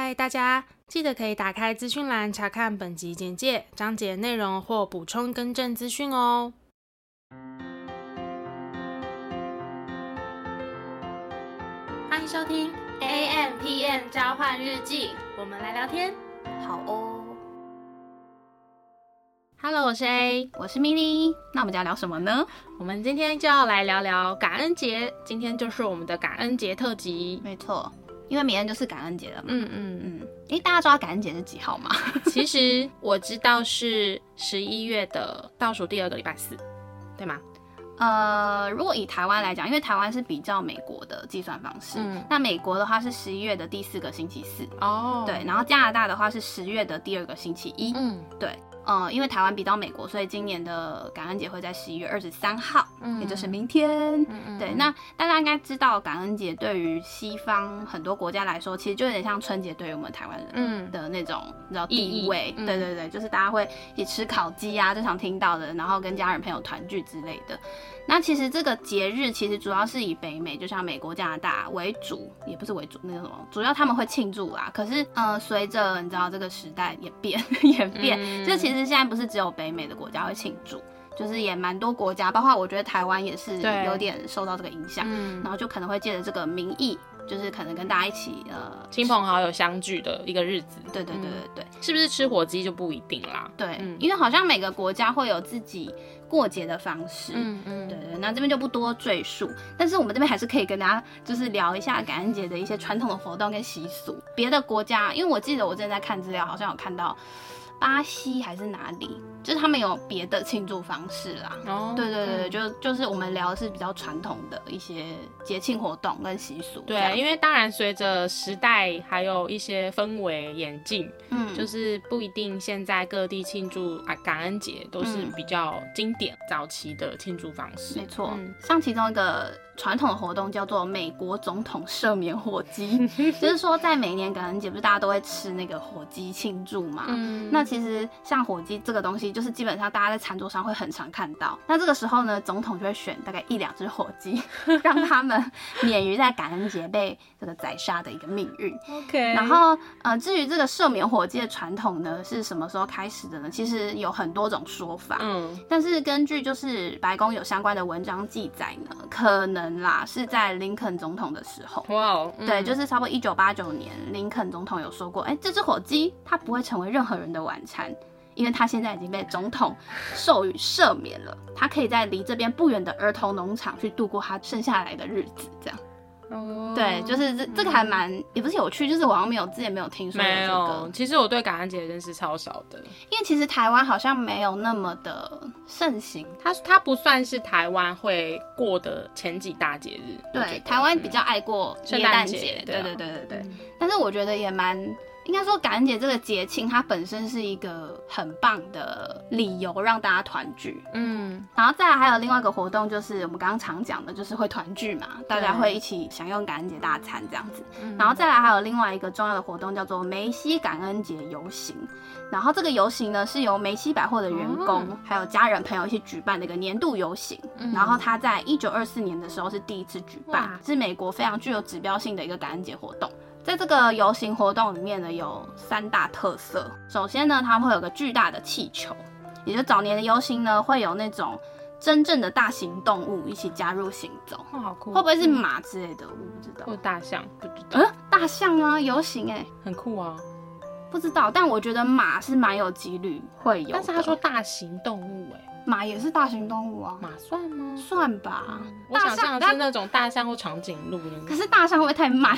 嗨，大家記得可以打開資訊欄查看本集簡介、章節內容或補充更正資訊哦。歡迎收聽 AMpm 交換日記，我們來聊天，好哦。Hello，我是 A，我是 Mini，那我們要聊什麼呢？我們今天就要來聊聊感恩節，今天就是我們的感恩節特輯，沒錯。因為明天就是感恩節了嘛。嗯嗯嗯。哎、嗯欸，大家知道感恩節是幾號嗎？ 其實我知道是十一月的倒數第二個禮拜四，對嗎？呃，如果以台灣來講，因為台灣是比較美國的計算方式、嗯。那美國的話是十一月的第四個星期四。哦。對，然後加拿大的話是十月的第二個星期一。嗯。對。嗯、呃，因為台灣比到美國，所以今年的感恩節會在十一月二十三號，嗯，也就是明天。嗯、對，那大家應該知道，感恩節對於西方很多國家來說，其實就有點像春節對於我們台灣人，的那種，嗯，你知道地位。對對對、嗯，就是大家會一起吃烤雞啊，經常聽到的，然後跟家人朋友團聚之類的。那其實這個節日其實主要是以北美，就像美國、加拿大為主，也不是為主，那個什麼，主要他們會慶祝啦、啊。可是，呃，隨着你知道這個時代演變演變、嗯，就其實現在不是只有北美的國家會慶祝，就是也蠻多國家，包括我覺得台灣也是有點受到這個影響，然後就可能會借着這個名義，就是可能跟大家一起呃親朋好友相聚的一個日子。對對對對對，對，是不是吃火雞就不一定啦？對、嗯，因為好像每個國家會有自己。過節的方式，嗯嗯，對，對對，那這邊就不多贅述，但是我們這邊還是可以跟大家就是聊一下感恩節的一些傳統的活動跟習俗。別的國家，因為我記得我之前在看資料，好像有看到。巴西還是哪裡？就是他們有別的慶祝方式啦。哦，對對對，嗯、就就是我們聊的是比較傳統的一些節慶活動跟習俗。對，因為當然隨着時代還有一些氛圍演進，嗯，就是不一定現在各地慶祝啊感恩節都是比較經典早期的慶祝方式。嗯、沒錯，像其中一個。傳統的活動叫做美國總統赦免火雞， 就是說在每年感恩節不是大家都會吃那個火雞慶祝嘛？嗯。那其實像火雞這個東西，就是基本上大家在餐桌上會很常看到。那這個時候呢，總統就會選大概一兩只火雞，讓他們免於在感恩節被這個宰殺的一個命運。OK，然後呃，至於這個赦免火雞的傳統呢，是什麼時候開始的呢？其實有很多種說法，嗯，但是根據就是白宮有相關的文章記載呢，可能。啦，是在林肯總統的時候，哇哦，對，就是差不多一九八九年，林肯總統有說過，哎、欸，這隻火雞它不會成為任何人的晚餐，因為它現在已經被總統授予赦免了，它可以在離這邊不遠的兒童農場去度過它剩下來的日子，這樣。Oh, 對，就是這這個還蠻、嗯、也不是有趣，就是我好像沒有之前沒有聽說的、這個。沒有，其實我對感恩節的認識超少的，因為其實台灣好像沒有那麼的盛行。它它不算是台灣會過的前幾大節日。對，台灣比較愛過聖誕節。對對對對對。嗯、但是我覺得也蠻。應該說感恩節這個節慶，它本身是一個很棒的理由，讓大家團聚。嗯，然後再來還有另外一個活動，就是我們剛剛常講的，就是會團聚嘛，大家會一起享用感恩節大餐這樣子，嗯。然後再來還有另外一個重要的活動，叫做梅西感恩節遊行。然後這個遊行呢，是由梅西百貨的員工，嗯、還有家人朋友一起舉辦的一個年度遊行，嗯。然後它在一九二四年的時候是第一次舉辦，是美國非常具有指標性的一個感恩節活動。在這個遊行活動裡面呢，有三大特色。首先呢，它會有個巨大的氣球，也就是早年的遊行呢，會有那種真正的大型動物一起加入行走。哇、哦，好酷、哦！會不會是馬之類的？嗯、我不知道。或大象，不知道。啊、大象啊，遊行哎、欸，很酷啊！不知道，但我覺得馬是蠻有幾率會有。但是他說大型動物哎、欸。馬也是大型動物啊，馬算嗎？算吧，嗯、大象我想像是那種大象或長頸鹿。可是大象會不會太慢，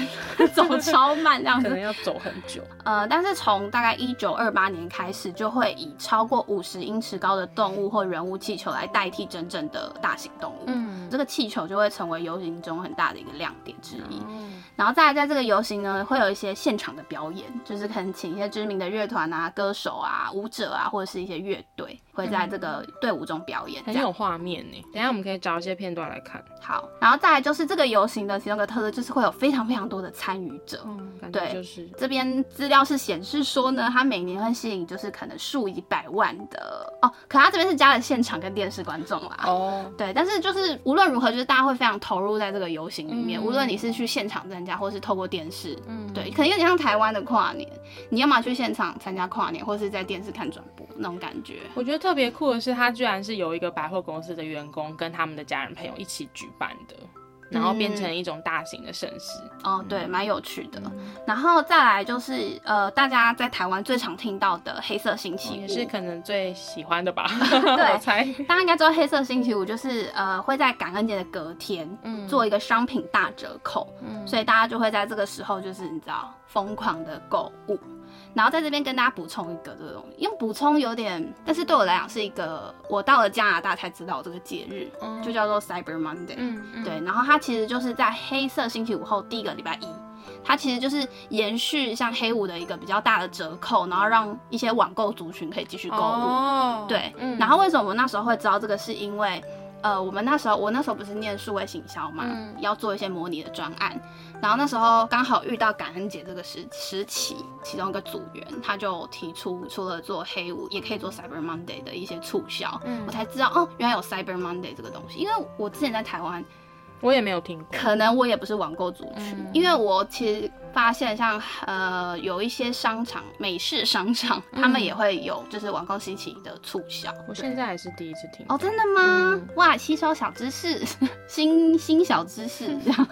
走 超慢這樣可能要走很久。呃，但是從大概一九二八年開始，就會以超過五十英尺高的動物或人物氣球來代替真正的大型動物。嗯，這個氣球就會成為遊行中很大的一個亮點之一。嗯，然後再來在這個遊行呢，會有一些現場的表演，就是可能請一些知名的樂團啊、歌手啊、舞者啊，或者是一些樂隊。會在這個隊伍中表演，嗯，很有畫面呢。等一下我們可以找一些片段來看。好，然後再來就是這個遊行的其中一個特色，就是會有非常非常多的參與者。嗯，對，就是這邊資料是顯示說呢，它每年會吸引就是可能數以百萬的哦。可它這邊是加了現場跟電視觀眾啦、啊。哦，對，但是就是無論如何，就是大家會非常投入在這個遊行裡面，嗯、無論你是去現場參加，或是透過電視，嗯，對，可能有點像台灣的跨年，你要嘛去現場參加跨年，或是在電視看轉。那種感覺，我覺得特別酷的是，它居然是由一個百貨公司的員工跟他們的家人朋友一起舉辦的，然後變成一種大型的盛事，嗯。哦，對，蠻有趣的，嗯。然後再來就是，呃，大家在台灣最常聽到的黑色星期五，也，嗯，是可能最喜歡的吧？ 對，大家應該知道黑色星期五就是，呃，會在感恩節的隔天做一個商品大折扣，嗯，所以大家就會在這個時候就是你知道瘋狂的購物。然後在這邊跟大家補充一個這個東西，因為補充有點，但是對我來講是一個，我到了加拿大才知道這個節日，就叫做 Cyber Monday，嗯嗯。對，然後它其實就是在黑色星期五後第一個禮拜一，它其實就是延續像黑五的一個比較大的折扣，然後讓一些網購族群可以繼續購物，哦。對，然後為什麼我們那時候會知道這個，是因為。呃，我們那時候，我那時候不是念數位行銷嘛、嗯，要做一些模擬的專案，然後那時候剛好遇到感恩節這個時時期，其中一個組員他就提出除了做黑五，也可以做 Cyber Monday 的一些促銷、嗯，我才知道哦，原來有 Cyber Monday 這個東西，因為我之前在台灣。我也沒有聽過，可能我也不是網購族群，因為我其實發現像呃有一些商場、美式商場，嗯、他們也會有就是網購興起的促銷。我現在還是第一次聽哦，oh, 真的嗎、嗯？哇，吸收小知識，新新小知識，這樣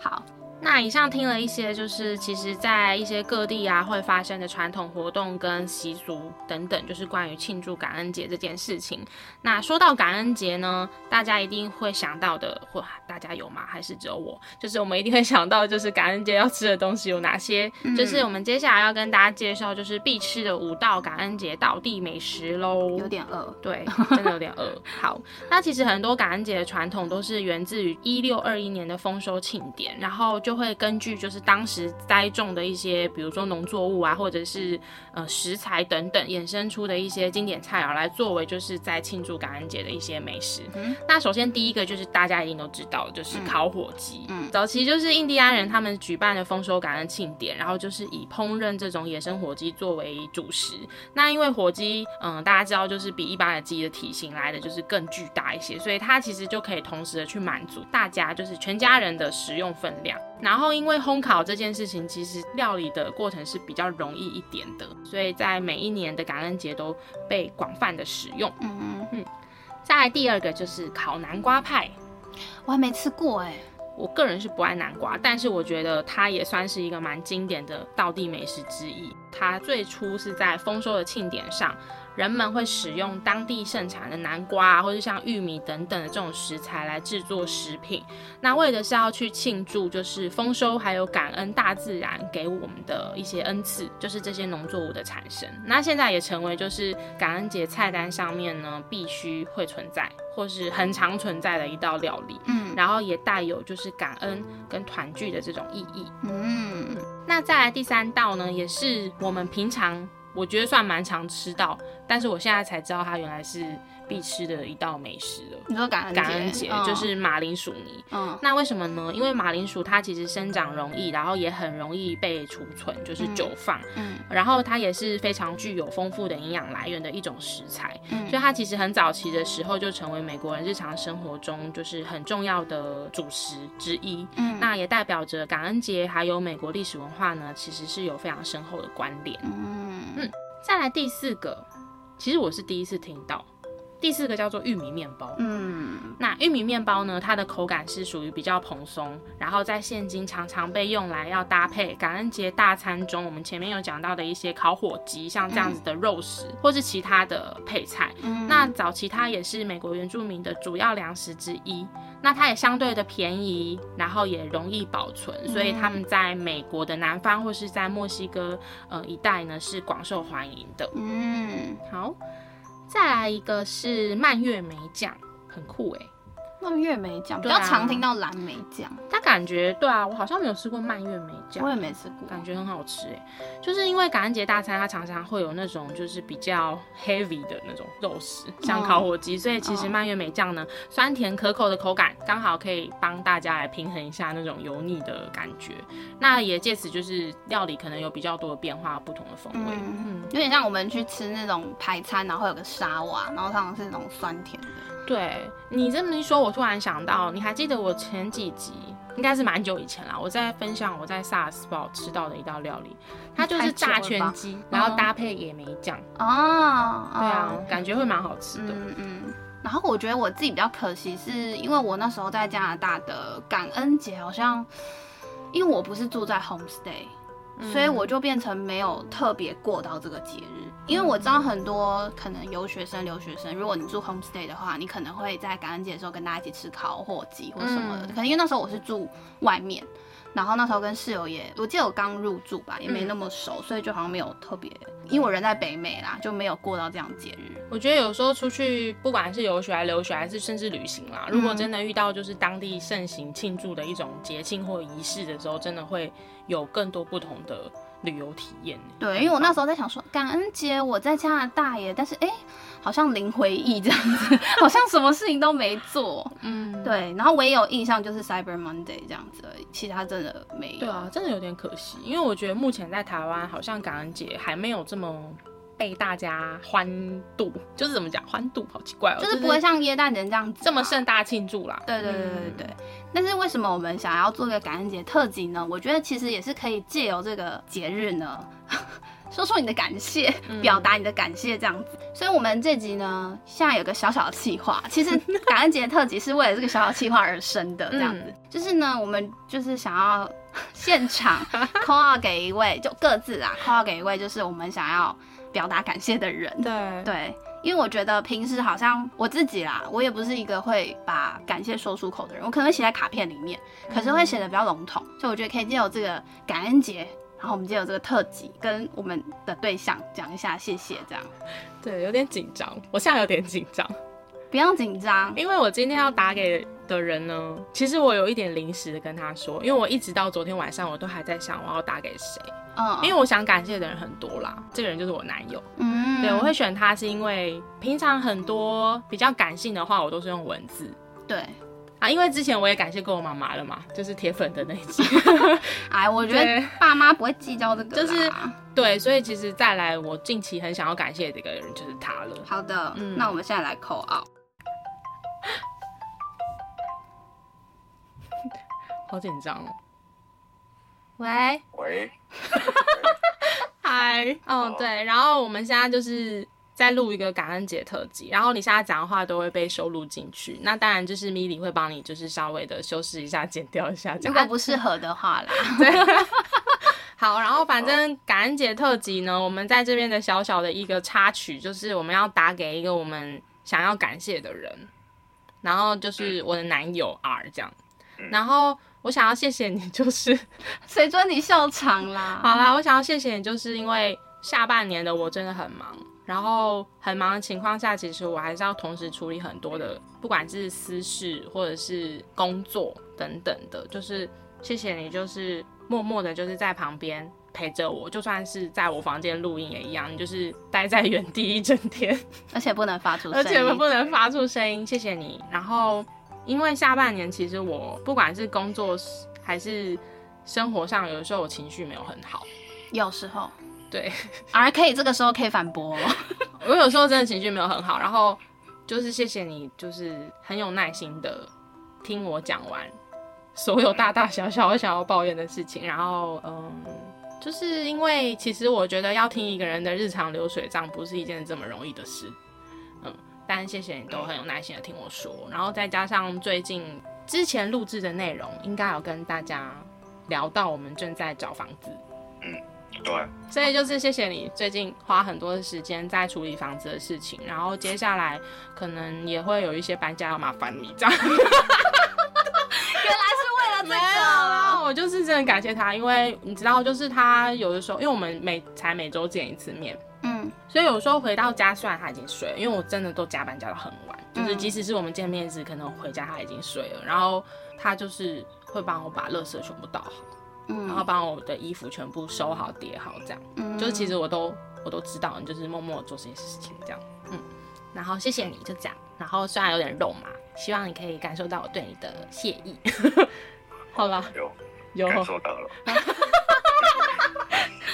好。那以上聽了一些，就是其實在一些各地啊會發生的傳統活動跟習俗等等，就是關於慶祝感恩節這件事情。那說到感恩節呢，大家一定會想到的，或大家有嗎？還是只有我？就是我們一定會想到，就是感恩節要吃的東西有哪些？嗯，就是我們接下來要跟大家介紹，就是必吃的五道感恩節道地美食嘍。有點餓，對，真的有點餓。 好，那其實很多感恩節的傳統都是源自於一六二一年的豐收慶典，然後就。會根據就是當時栽種的一些，比如說農作物啊，或者是呃食材等等，衍生出的一些經典菜肴來作為就是在慶祝感恩節的一些美食。嗯。那首先第一個就是大家一定都知道，就是烤火雞。嗯。嗯。早期就是印第安人他們舉辦的豐收感恩慶典，然後就是以烹飪這種野生火雞作為主食。那因為火雞，嗯、呃，大家知道就是比一般的雞的體型來的就是更巨大一些，所以它其實就可以同時的去滿足大家就是全家人的食用分量。然後，因為烘烤這件事情，其實料理的過程是比較容易一點的，所以在每一年的感恩節都被廣泛的使用。嗯嗯。嗯，再來第二個就是烤南瓜派，我還沒吃過哎、欸。我個人是不愛南瓜，但是我覺得它也算是一個蠻經典的道地美食之一。它最初是在豐收的慶典上。人們會使用當地盛產的南瓜啊，或者像玉米等等的這種食材來制作食品。那為的是要去慶祝，就是豐收，還有感恩大自然給我們的一些恩賜，就是這些農作物的產生。那現在也成為就是感恩節菜單上面呢，必須會存在，或是很常存在的一道料理。嗯，然後也帶有就是感恩跟團聚的這種意義。嗯，那再來第三道呢，也是我們平常。我覺得算蠻常吃到，但是我現在才知道它原來是。必吃的一道美食了。你說感恩節，感恩節、哦、就是馬鈴薯泥。嗯、哦，那為什麼呢？因為馬鈴薯它其實生長容易，嗯、然後也很容易被儲存，就是久放嗯。嗯，然後它也是非常具有豐富的營養來源的一種食材。所、嗯、以它其實很早期的時候就成為美國人日常生活中就是很重要的主食之一。嗯，那也代表着感恩節還有美國歷史文化呢，其實是有非常深厚的關聯、嗯。嗯，再來第四個，其實我是第一次聽到。第四個叫做玉米麵包，嗯，那玉米麵包呢，它的口感是屬於比較蓬鬆，然後在現今常常被用來要搭配感恩節大餐中，我們前面有講到的一些烤火雞，像這樣子的肉食，嗯，或是其他的配菜，嗯。那早期它也是美國原住民的主要糧食之一，那它也相對的便宜，然後也容易保存，嗯，所以他們在美國的南方或是在墨西哥呃一帶呢是廣受歡迎的。嗯，好。再來一個是蔓越莓醬，很酷誒、欸。蔓越莓醬、啊、比較常聽到藍莓醬，但感覺對啊，我好像沒有吃過蔓越莓醬，我也沒吃過，感覺很好吃哎。就是因為感恩節大餐，它常常會有那種就是比較 heavy 的那種肉食，嗯、像烤火雞，所以其實蔓越莓醬呢、嗯，酸甜可口的口感剛好可以幫大家來平衡一下那種油膩的感覺。那也借此就是料理可能有比較多的變化，不同的風味，嗯嗯、有點像我們去吃那種排餐，然後有個沙瓦，然後它是那種酸甜的。對你這麼一說，我突然想到，你還記得，我前幾集應該是蠻久以前了，我在分享我在薩斯堡吃到的一道料理，它就是炸全雞，然後搭配野莓醬。哦，對啊，哦，感覺會蠻好吃的。嗯嗯。然後我覺得我自己比較可惜，是因為我那時候在加拿大的感恩節，好像因為我不是住在 homestay，所以我就變成沒有特別過到這個節日。因為我知道很多可能遊學生、留學生，如果你住 homestay 的話，你可能會在感恩節的時候跟大家一起吃烤火雞或什麼的。可能因為那時候我是住外面，然後那時候跟室友也，我記得我剛入住吧，也沒那麼熟，所以就好像沒有特別。因為我人在北美啦，就沒有過到這樣節日。我覺得有時候出去，不管是遊學、留學還是甚至旅行啦，如果真的遇到就是當地盛行慶祝的一種節慶或儀式的時候，真的會有更多不同的。旅遊體驗，對看看，因為我那時候在想說，感恩節我在加拿大耶，但是哎、欸，好像零回憶這樣子， 好像什麼事情都沒做， 嗯，對，然後我也有印象就是 Cyber Monday 這樣子而已，其實它真的沒有。對啊，真的有點可惜，因為我覺得目前在台灣好像感恩節還沒有這麼。被大家歡度，就是怎麼講，歡度好奇怪哦，就是不會像耶誕節這樣子、啊、這麼盛大慶祝啦。對對對對對、對、嗯。但是為什麼我們想要做個感恩節特輯呢？我覺得其實也是可以借由這個節日呢，說說你的感謝，表達你的感謝這樣子、嗯。所以我們這集呢，現在有個小小的企劃，其實感恩節特輯是為了這個小小企劃而生的，這樣子、嗯。就是呢，我們就是想要現場 call out 給一位， 就各自啊 call out 給一位，就是我們想要。表達感謝的人，對對，因為我覺得平時好像我自己啦，我也不是一個會把感謝說出口的人，我可能會寫在卡片裡面，可是會寫得比較籠統、嗯，所以我覺得可以借由這個感恩節，然後我們借由這個特輯，跟我們的對象講一下謝謝，這樣。對，有點緊張，我現在有點緊張。不要緊張，因為我今天要打給。的人呢？其實我有一點臨時的跟他說，因為我一直到昨天晚上，我都還在想我要打給誰，嗯。因為我想感謝的人很多啦，這個人就是我男友。嗯，對，我會選他是因為平常很多比較感性的話，我都是用文字。對啊，因為之前我也感謝過我媽媽了嘛，就是鐵粉的那一集。 哎，我覺得爸媽不會計較這個。就是對，所以其實再來，我近期很想要感謝這個人就是他了。好的，嗯，那我們現在來 call out。好緊張哦！喂喂，嗨、 oh. 哦，哦對，然後我們現在就是在錄一個感恩節特輯，然後你現在講的話都會被收錄進去。那當然就是米莉會幫你，就是稍微的修飾一下，剪掉一下。如果不適合的話啦。 對 好，然後反正感恩節特輯呢，我們在這邊的小小的一個插曲，就是我們要打給一個我們想要感謝的人，然後就是我的男友 R 這樣，嗯、然後。我想要謝謝你，就是誰說你笑場啦？好啦，我想要謝謝你，就是因為下半年的我真的很忙，然後很忙的情況下，其實我還是要同時處理很多的，不管是私事或者是工作等等的，就是謝謝你，就是默默的就是在旁邊陪着我，就算是在我房間錄音也一樣，你就是待在原地一整天，而且不能發出聲音，而且不能發出聲音，謝謝你，然後。因為下半年其實我不管是工作還是生活上，有的時候我情緒沒有很好。有時候，對，而可以這個時候可以反駁哦。 我有時候真的情緒沒有很好，然後就是謝謝你，就是很有耐心的聽我講完所有大大小小我想要抱怨的事情。然後，嗯，就是因為其實我覺得要聽一個人的日常流水賬不是一件這麼容易的事。但謝謝你都很有耐心的聽我說，嗯、然後再加上最近之前錄製的內容，應該有跟大家聊到我們正在找房子。嗯，對。所以就是謝謝你最近花很多的時間在處理房子的事情，然後接下來可能也會有一些搬家要麻煩你這樣。 原來是為了這個，然後我就是真的感謝他，因為你知道，就是他有的時候，因為我們每才每周見一次面。所以有時候回到家，雖然他已經睡了，因為我真的都加班加到很晚，嗯，就是即使是我們見面時，可能回家他已經睡了。然後他就是會幫我把垃圾全部倒好，嗯，然後把我的衣服全部收好疊好，這樣。嗯、就是其實我都我都知道，你就是默默做這件事情這樣。嗯。然後謝謝你，就這樣。然後雖然有點肉麻，希望你可以感受到我對你的謝意。 好了，有有，感受到了。啊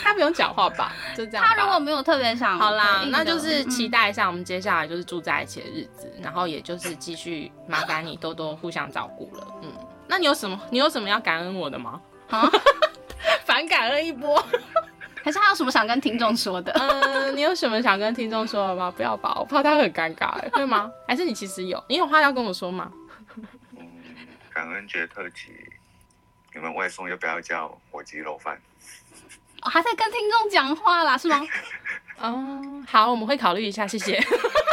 他不用講話吧？就這樣。他如果沒有特別想好啦，那就是期待一下我們接下來就是住在一起的日子，嗯、然後也就是繼續麻煩你多多互相照顧了。嗯，那你有什麼？你有什麼要感恩我的嗎？ 反感了一波？還是他有什麼想跟聽眾說的？ 嗯，你有什麼想跟聽眾說的嗎？不要吧，我怕他會很尷尬，哎， 對嗎？還是你其實有？你有話要跟我說嗎？嗯、感恩節特輯，你們外送要不要叫火雞肉飯？哦、還在跟聽眾講話啦，是嗎？ 哦，好，我們會考慮一下，謝謝。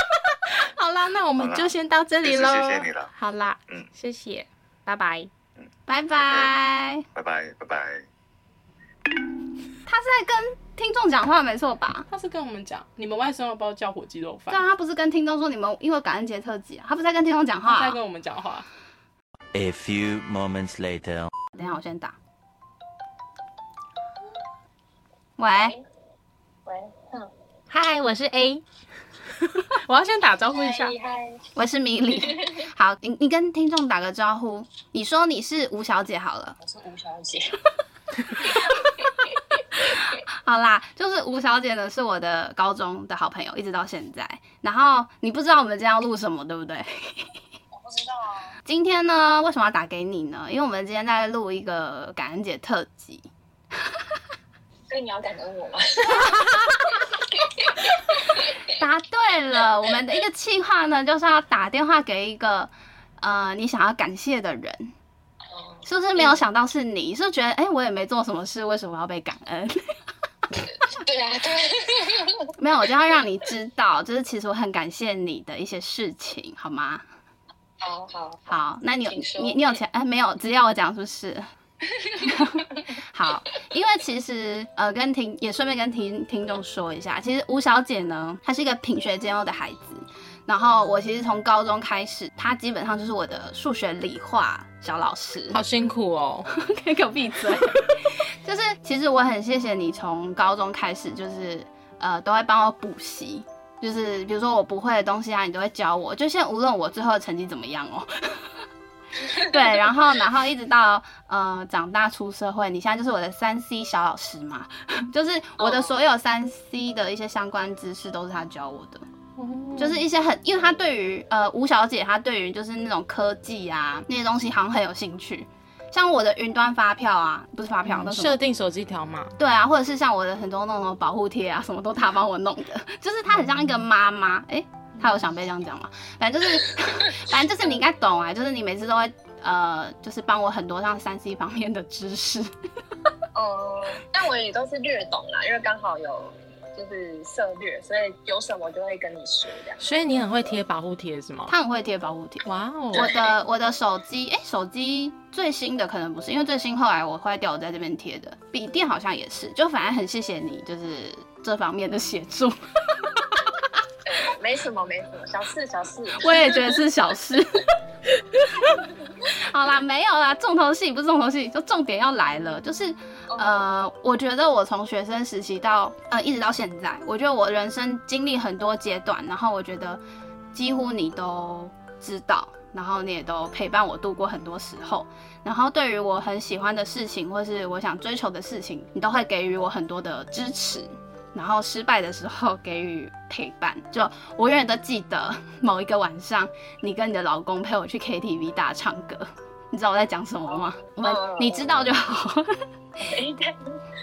好啦，那我們就先到這裡了。好，謝謝你了。好啦，嗯，謝謝，拜拜。拜、嗯、拜。拜拜，拜拜。他是在跟聽眾講話，沒錯吧？他是跟我們講，你們外省的包叫火雞肉飯。對啊，他不是跟聽眾說你們因為感恩節特輯、啊，他不是在跟聽眾講話、啊，他在跟我們講話。A few moments later，等下我先打。喂，喂，嗨，我是 A， 我要先打招呼一下，hi, hi. 我是米理。好，你你跟聽眾打個招呼，你說你是吳小姐好了，我是吳小姐， 好啦，就是吳小姐呢是我的高中的好朋友，一直到現在，然後你不知道我們今天要錄什麼，對不對？ 我不知道啊，今天呢為什麼要打給你呢？因為我們今天在錄一個感恩節特輯。 你要感恩我嗎？ 答對了，我們的一個企劃呢，就是要打電話給一個呃，你想要感謝的人。嗯、是不是沒有想到是你是不是覺得哎、欸，我也沒做什麼事，為什麼要被感恩？ 對啊，對， 沒有，我就要讓你知道，就是其實我很感謝你的一些事情，好嗎？好好好，好那你有你你有錢哎、欸？沒有，直接要我講是不是？ 好，因為其實呃，跟聽也順便跟聽聽眾說一下，其實吳小姐呢，她是一個品學兼優的孩子。然後我其實從高中開始，她基本上就是我的數學、理化小老師。好辛苦哦！ 給我閉嘴。就是其實我很謝謝你，從高中開始就是呃，都會幫我補習，就是比如說我不會的東西啊，你都會教我。就像無論我最後的成績怎麼樣哦。 對，然後，然後一直到呃長大出社會，你現在就是我的三 C 小老師嘛，就是我的所有三 C 的一些相關知識都是他教我的，oh. 就是一些很，因為他對於呃吳小姐，他對於就是那種科技啊那些東西好像很有興趣，像我的雲端發票啊，不是發票，嗯、那種設定手機條碼，對啊，或者是像我的很多那種保護貼啊，什麼都他幫我弄的，就是他很像一個媽媽，哎、oh. 欸。他有想被這樣講嗎？反正就是， 反正就是你應該懂啊，就是你每次都會呃，就是幫我很多像三 C 方面的知識。哦、呃，但我也都是略懂啦，因為剛好有就是涉獵，所以有什麼就會跟你說。這樣。所以你很會貼保護貼是嗎？他很會貼保護貼。哇、wow. 哦！我的我的手機，哎、欸，手機最新的可能不是，因為最新後來我壞掉，我在這邊貼的。筆電好像也是，就反正很謝謝你，就是這方面的協助。沒什麼，沒什麼，小事，小事。我也覺得是小事。 好啦，沒有啦，重頭戲不是重頭戲，就重點要來了，就是呃，okay. 我覺得我從學生時期到呃一直到現在，我覺得我人生經歷很多階段，然後我覺得幾乎你都知道，然後你也都陪伴我度過很多時候，然後對於我很喜歡的事情或是我想追求的事情，你都會給予我很多的支持。然後失敗的時候給予陪伴，就我永遠都記得某一個晚上，你跟你的老公陪我去 KTV 大唱歌，你知道我在講什麼嗎？我、嗯、們你知道就好。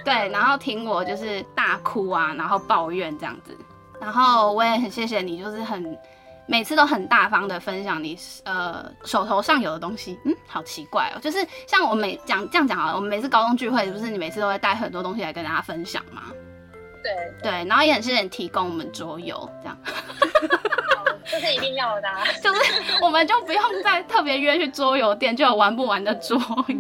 對，然後聽我就是大哭啊，然後抱怨這樣子。然後我也很謝謝你，就是很每次都很大方的分享你呃手頭上有的東西。嗯，好奇怪哦，就是像我每講這樣講好了，我們每次高中聚會不、就是你每次都會帶很多東西來跟大家分享嗎？對對，然後也很謝謝你提供我們桌遊，這樣，這是 一定要的。啊，就是我們就不用再特別約去桌遊店，就有玩不完的桌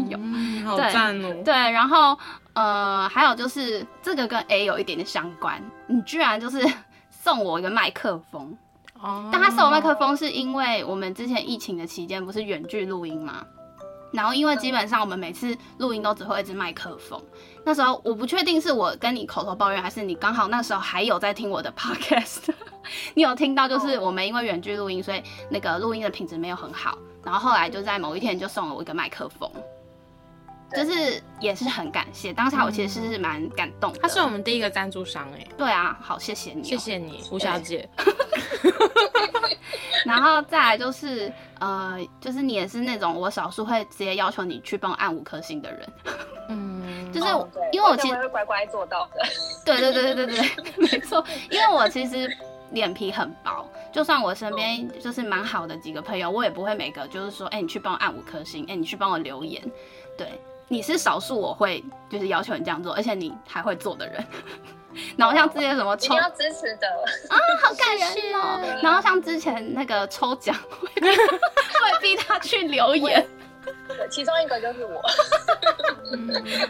遊，嗯，好讚哦、喔。對，然後呃，還有就是這個跟 A 有一點點相關，你居然就是送我一個麥克風哦，但他送我麥克風是因為我們之前疫情的期間不是遠距錄音嗎？然後，因為基本上我們每次錄音都只會一支麥克風，那時候我不確定是我跟你口頭抱怨，還是你剛好那時候還有在聽我的 podcast， 你有聽到就是我們因為遠距錄音，所以那個錄音的品質沒有很好。然後後來就在某一天就送了我一個麥克風。就是也是很感謝，當下我其實是蠻感動、嗯。他是我們第一個贊助商哎、欸。對啊，好，謝謝你、喔，謝謝你，吳小姐。 然後再來就是呃，就是你也是那種我少數會直接要求你去幫我按五顆星的人。嗯，就是、哦、因為我其實我會乖乖做到的。對 對對對對對對，沒錯，因為我其實臉皮很薄，就算我身邊就是蠻好的幾個朋友，我也不會每個就是說，哎、欸，你去幫我按五顆星，哎、欸，你去幫我留言，對。你是少數我會就是要求你這樣做，而且你還會做的人。 然後像之前什麼抽，你、哦、要支持的啊，好感人哦、喔。然後像之前那個抽獎， 會逼他去留言。其中一個就是我、 嗯。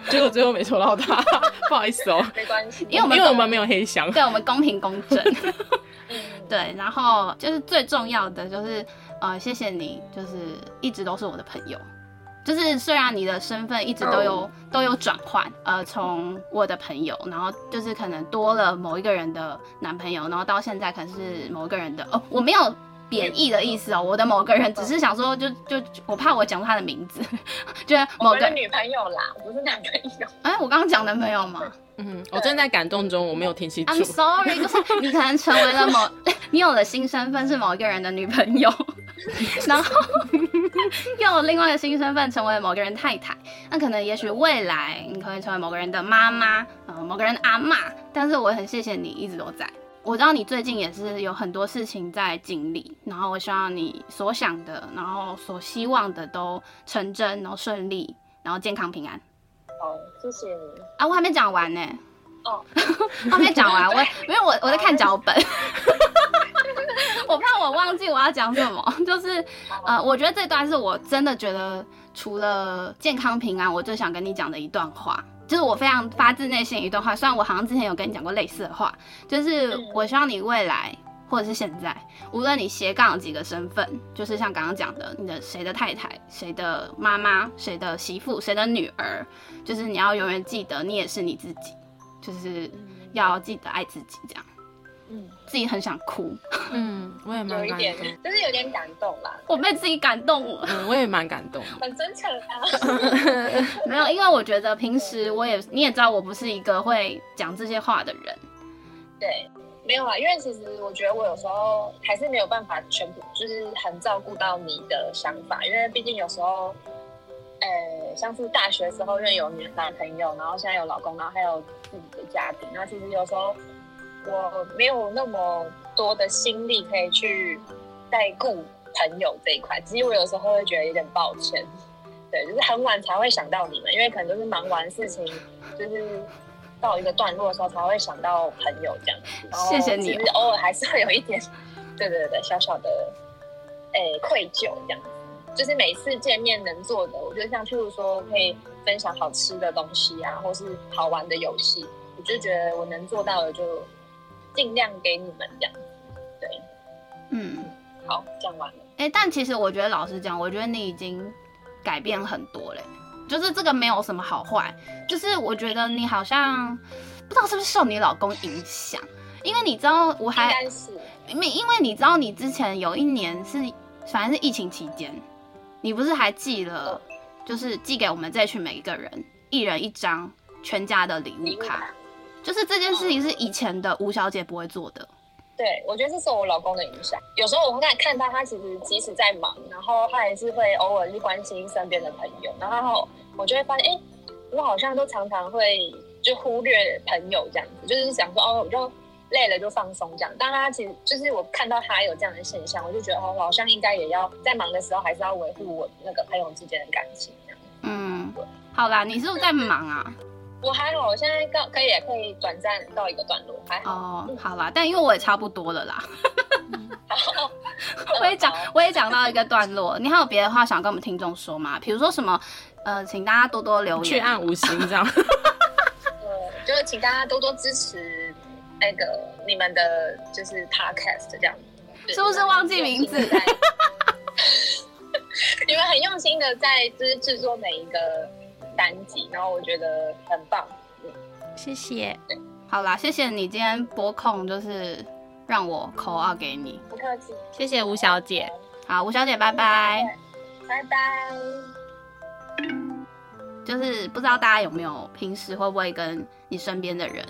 結果最後沒抽到他， 不好意思哦、喔。沒關係，因為我們因為我們沒有黑箱，對我們公平公正、 嗯。對。然後就是最重要的就是呃，謝謝你，就是一直都是我的朋友。就是雖然你的身份一直都有、oh. 都有轉換，呃，從我的朋友，然後就是可能多了某一個人的男朋友，然後到現在可能是某一個人的。哦，我沒有貶義的意思哦，我的某個人只是想說就，就就我怕我講他的名字， 就是某個我是女朋友啦，不是男朋友。哎、欸，我剛剛講男朋友嗎？嗯，我正在感動中，我沒有聽清楚。I'm sorry，就 是你可能成為了某， 你有了新身份，是某一個人的女朋友， 然後。用 另外的新身份成為某個人太太，那可能也許未來你可以成為某個人的媽媽，啊、呃，某個人的阿嬤。但是我很謝謝你一直都在，我知道你最近也是有很多事情在經歷，然後我希望你所想的，然後所希望的都成真，然後順利，然後健康平安。好，謝謝你。啊，我還沒講完呢、欸。哦、oh. 後面講完，我沒有我我在看腳本， 我怕我忘記我要講什麼。就是呃，我覺得這段是我真的覺得除了健康平安，我最想跟你講的一段話，就是我非常發自內心一段話。雖然我好像之前有跟你講過類似的話，就是我希望你未來或者是現在，無論你斜槓幾個身份，就是像剛剛講的，你的誰的太太，誰的媽媽，誰的媳婦，誰的女兒，就是你要永遠記得，你也是你自己。就是要記得愛自己，這樣。嗯，自己很想哭。嗯，我也蠻感動的有一點，就是有點感動啦。我被自己感動了、嗯。我也蠻感動。很真誠啊。 沒有，因為我覺得平時我也，你也知道，我不是一個會講這些話的人。對，沒有啊，因為其實我覺得我有時候還是沒有辦法全部，就是很照顧到你的想法，因為畢竟有時候。呃，像是大學時候認有女朋友，然後現在有老公，然後還有自己的家庭，那其實有時候我沒有那麼多的心力可以去再顧朋友這一塊，只是我有時候會覺得有點抱歉，對，就是很晚才會想到你們，因為可能就是忙完事情，就是到一個段落的時候才會想到朋友這樣子。謝謝你，其實偶爾還是會有一點，對對對，對，小小的、欸、愧疚這樣。就是每次見面能做的，我覺得像譬如說可以分享好吃的東西啊，或是好玩的遊戲，我就覺得我能做到的就盡量給你們講。對，嗯，好，講完了。哎、欸，但其實我覺得老實講，我覺得你已經改變很多嘞、欸。就是這個沒有什麼好壞，就是我覺得你好像不知道是不是受你老公影響，因為你知道我還應該是沒，因為你知道你之前有一年是，反正是疫情期間。你不是還寄了，就是寄給我們這群每一個人，一人一張全家的禮物卡，就是這件事情是以前的吳小姐不會做的。對，我覺得是受我老公的影響。有時候我會看到他，他其實即使在忙，然後他也是會偶爾去關心身邊的朋友，然後我就會發現，誒、欸，我好像都常常會就忽略朋友這樣子，就是想說哦，我就。累了就放鬆，這樣。當他其實就是我看到他有這樣的現象，我就覺得哦，好像應該也要在忙的時候，還是要維護我那個朋友之間的感情這樣。嗯，好啦，你是不是在忙啊？ 我還好，我現在告可以，也可以短暫到一個段落，還好。哦、嗯，好啦，但因為我也差不多了啦。 我也講，我也講到一個段落。你還有別的話想跟我們聽眾說嗎？比如說什麼？呃，請大家多多留言。去按五星這樣。 對，就是請大家多多支持。那個你們的就是 podcast 這樣，是不是忘記名字？你們很用心的在制 作每一個單集，然後我覺得很棒。謝謝。好啦，謝謝你今天撥空，就是讓我 call out 給你。不客氣，謝謝吳小姐。好，吳小姐拜拜，拜拜。拜拜。就是不知道大家有沒有平時會不會跟你身邊的人。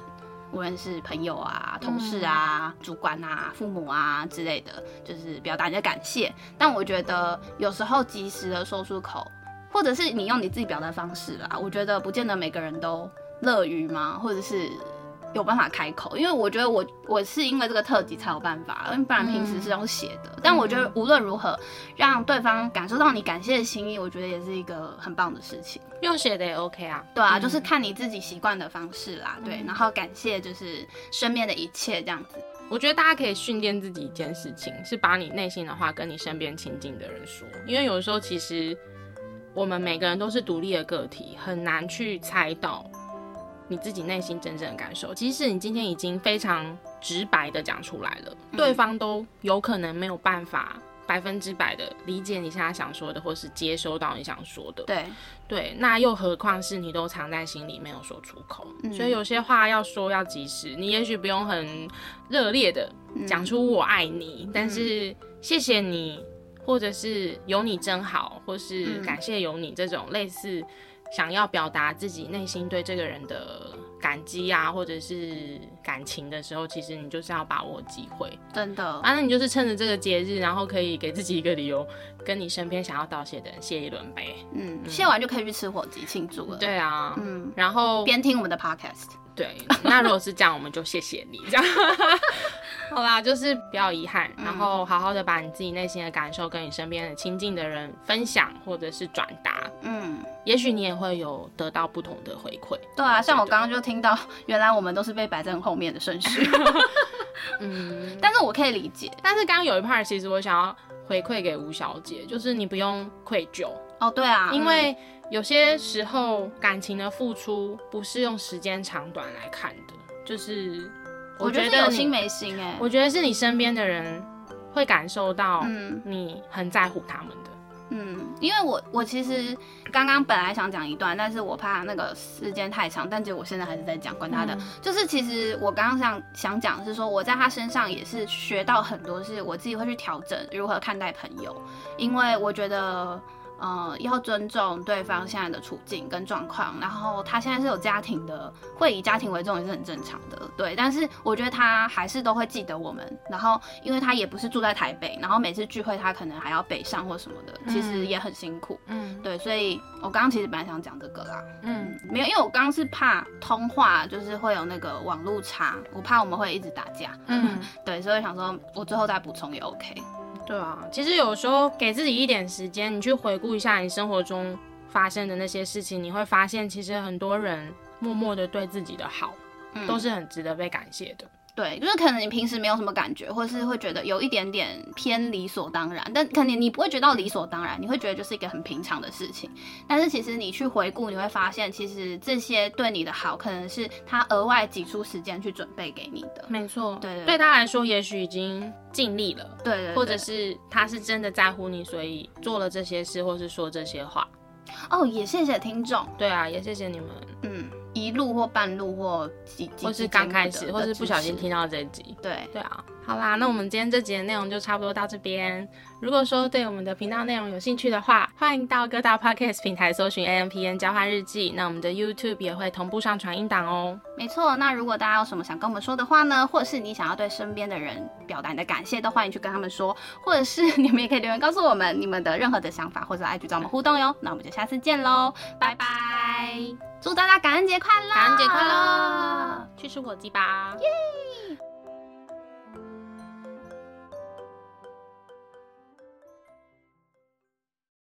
無論是朋友啊、同事啊、嗯、主管啊、父母啊之類的，就是表達你的感謝。但我覺得有時候及時的說出口，或者是你用你自己表達方式啦，我覺得不見得每個人都樂於嘛，或者是有辦法開口，因為我覺得我我是因為這個特輯才有辦法，因為不然平時是用寫的、嗯。但我覺得無論如何，讓對方感受到你感謝的心意，我覺得也是一個很棒的事情。用寫的也 OK 啊，對啊，就是看你自己習慣的方式啦、嗯，對。然後感謝就是身邊的一切這樣子。我覺得大家可以訓練自己一件事情，是把你內心的話跟你身邊親近的人說，因為有的時候其實我們每個人都是獨立的個體，很難去猜到。你自己內心真正的感受，即使你今天已經非常直白的講出來了、嗯，對方都有可能沒有辦法百分之百的理解你現在想說的，或是接收到你想說的。對對，那又何況是你都藏在心裡沒有說出口、嗯，所以有些話要說要及時。你也許不用很熱烈的講出我愛你、嗯，但是謝謝你，或者是有你真好，或是感謝有你這種類似。想要表達自己內心對這個人的感激啊，或者是感情的時候，其實你就是要把握機會，真的。啊、那你就是趁着這個節日，然後可以給自己一個理由，跟你身邊想要道謝的人謝一輪唄。嗯，謝完就可以去吃火雞慶祝了。對啊，嗯，然後邊聽我們的 podcast。對，那如果是這樣，我們就謝謝你。 這樣， 好啦，就是不要遺憾、嗯，然後好好的把你自己內心的感受跟你身邊的親近的人分享，或者是轉達。嗯。也許你也會有得到不同的回饋。對啊，我像我剛剛就聽到，原來我們都是被擺在後面的順序。 嗯，但是我可以理解。但是剛剛有一 part，其實我想要回饋給吳小姐，就是你不用愧疚。哦，對啊，因為有些時候、嗯、感情的付出不是用時間長短來看的，就是我覺得我是有心沒心哎、欸。我覺得是你身邊的人會感受到你很在乎他們的。嗯，因為我我其實剛剛本來想講一段，但是我怕那個時間太長，但結果我現在還是在講，管他的、嗯，就是其實我剛剛想想講是說，我在他身上也是學到很多事，是我自己會去調整如何看待朋友，因為我覺得。呃，要尊重對方現在的處境跟狀況，然後他現在是有家庭的，會以家庭為重也是很正常的，對。但是我覺得他還是都會記得我們，然後因為他也不是住在台北，然後每次聚會他可能還要北上或什麼的，其實也很辛苦，嗯，對。所以，我剛剛其實本來想講這個啦，嗯，沒有，因為我剛剛是怕通話就是會有那個網絡差，我怕我們會一直打架，嗯， 對，所以想說我最後再補充也 OK。對啊，其實有時候給自己一點時間，你去回顧一下你生活中發生的那些事情，你會發現，其實很多人默默的對自己的好，嗯，都是很值得被感謝的。對，就是可能你平時沒有什麼感覺，或是會覺得有一點點偏理所當然，但肯定你不會覺得理所當然，你會覺得就是一個很平常的事情。但是其實你去回顧，你會發現，其實這些對你的好，可能是他額外擠出時間去準備給你的。沒錯，對，對，對。對他來說，也許已經盡力了。對對，對對。或者是他是真的在乎你，所以做了這些事，或是說這些話。哦，也謝謝聽眾。對啊，也謝謝你們。嗯。一路或半路或，或幾集，或是剛開始，或是不小心聽到這一集。對，對啊。好啦，那我們今天這集的內容就差不多到這邊。如果說對我們的頻道內容有興趣的話，歡迎到各大 podcast 平台搜尋 AMpm 交換日記。那我們的 YouTube 也會同步上傳音檔哦。沒錯，那如果大家有什麼想跟我們說的話呢，或者是你想要對身邊的人表達你的感謝，都歡迎去跟他們說，或者是你們也可以留言告訴我們你們的任何的想法，或者是 IG 找我們互動喲。那我們就下次見嘍，拜拜！祝大家感恩節快樂！感恩節快樂！去吃火雞吧！耶！